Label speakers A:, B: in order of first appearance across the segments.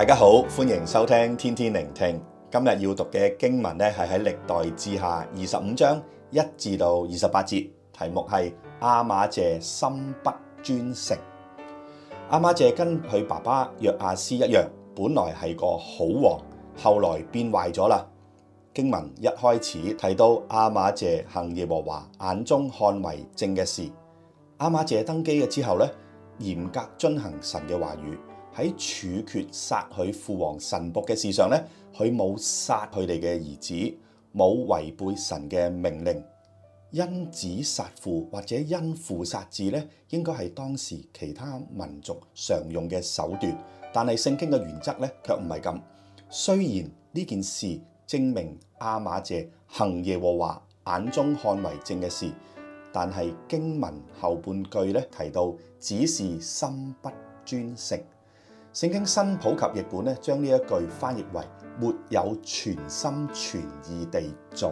A: 大家好，歡迎收聽天天靈聽。今日要讀嘅經文咧，係喺歷代志下二十五章一至到二十八節，題目係亞瑪謝心不專誠。亞瑪謝跟佢爸爸約阿施一樣，本來係個好王，後來變壞咗啦。經文一開始提到亞瑪謝行耶和華眼中看為正嘅事。亞瑪謝登基嘅之後咧，嚴格遵行神嘅話語。喺處決殺佢父王臣僕嘅事上呢，佢冇殺佢哋嘅兒子，冇違背神嘅命令。因子殺父或者因父殺子，呢應該係當時其他民族常用嘅手段，但係聖經嘅原則呢，卻唔係咁。雖然呢件事證明亞瑪謝行耶和華眼中看為正嘅事，但係經文後半句咧，提到，只是心不專誠。聖經新普及譯本咧，將呢一句翻譯為：沒有全心全意地做。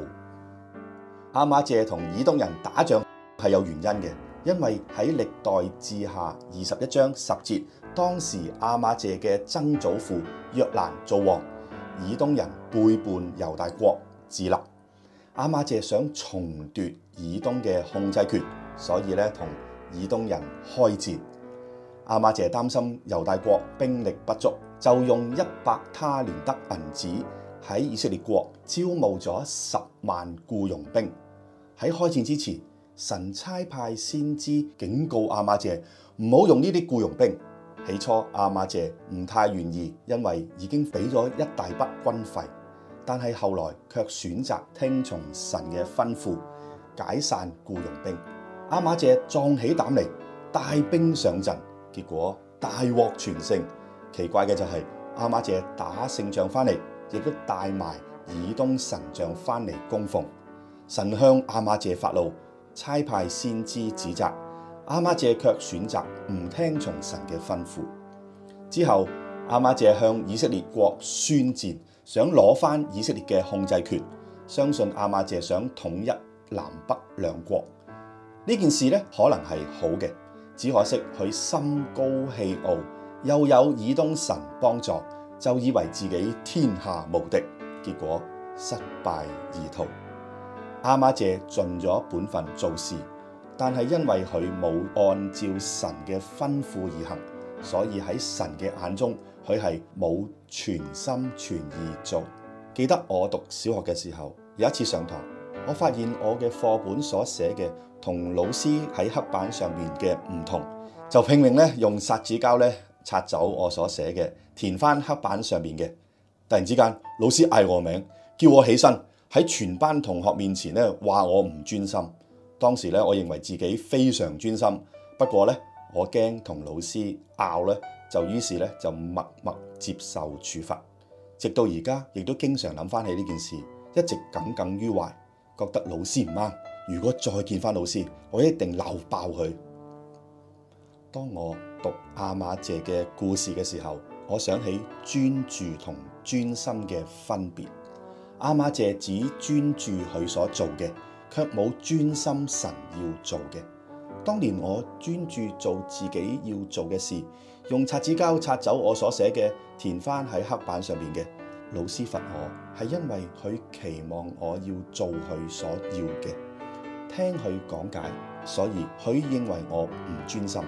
A: 亞瑪謝同以東人打仗係有原因嘅，因為喺歷代志下二十一章十節，當時亞瑪謝嘅曾祖父約蘭做王，以東人背叛猶大國自立，亞瑪謝想重奪以東嘅控制權，所以呢，同以東人開戰。阿瑪謝擔心猶大國兵力不足，就用一百他連得銀子喺以色列國招募咗十萬雇傭兵。喺開戰之前，神差派先知警告阿瑪謝唔好用呢啲雇傭兵。起初阿瑪謝唔太願意，因為已經俾咗一大筆軍費，但係後來卻選擇聽從神嘅吩咐，解散雇傭兵。阿瑪謝壯起膽嚟帶兵上陣。結果大獲全勝，奇怪嘅就係亞瑪謝打勝仗翻嚟，亦都帶埋以東神像翻嚟供奉。神向亞瑪謝發怒，差派先知指責亞瑪謝，卻選擇唔聽從神嘅吩咐。之後亞瑪謝向以色列國宣戰，想攞翻以色列嘅控制權。相信亞瑪謝想統一南北兩國。呢件事呢，可能係好嘅。只可惜佢心高氣傲，又有以東神幫助，就以為自己天下無敵，結果失敗而逃。亞瑪謝盡咗本分做事，但係因為佢冇按照神嘅吩咐而行，所以喺神嘅眼中，佢係冇全心全意做。記得我讀小學嘅時候，有一次上堂。我發現我嘅課本所寫嘅同老師喺黑板上面嘅唔同，就拼命咧用擦紙膠咧擦走我所寫嘅，填翻黑板上面嘅。突然之間，老師嗌我名，叫我起身喺全班同學面前咧話我唔專心。當時咧我認為自己非常專心，不過咧我驚同老師拗咧，就於是咧就默默接受處罰。直到而家亦都經常諗翻起呢件事，一直耿耿於懷。覺得老師唔啱，如果再見翻老師，我一定鬧爆佢。當我讀亞瑪謝嘅故事嘅時候，我想起專注同專心嘅分別。亞瑪謝只專注佢所做嘅，卻冇專心神要做嘅。當年我專注做自己要做嘅事，用擦紙膠擦走我所寫嘅，填翻喺黑板上面嘅。老師罰我，係因為佢期望我要做佢所要嘅，聽佢講解，所以佢認為我唔專心。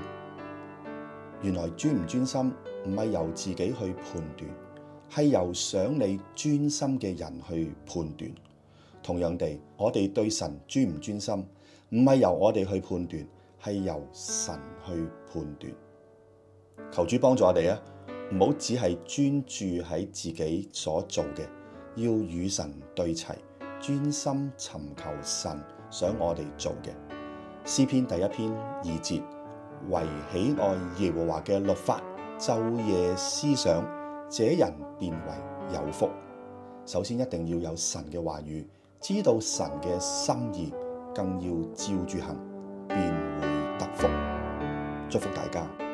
A: 原來專唔專心唔係由自己去判斷，係由想你專心嘅人去判斷。同樣地，我哋對神專唔專心，唔係由我哋去判斷，係由神去判斷。求主幫助我哋啊！唔好只係專注喺自己所做嘅，要與神對齊，專心尋求神想我哋做嘅。詩篇第一篇二節，惟喜愛耶和華嘅律法，晝夜思想，這人便為有福。首先一定要有神嘅話語，知道神嘅心意，更要照住行，便會得福。祝福大家。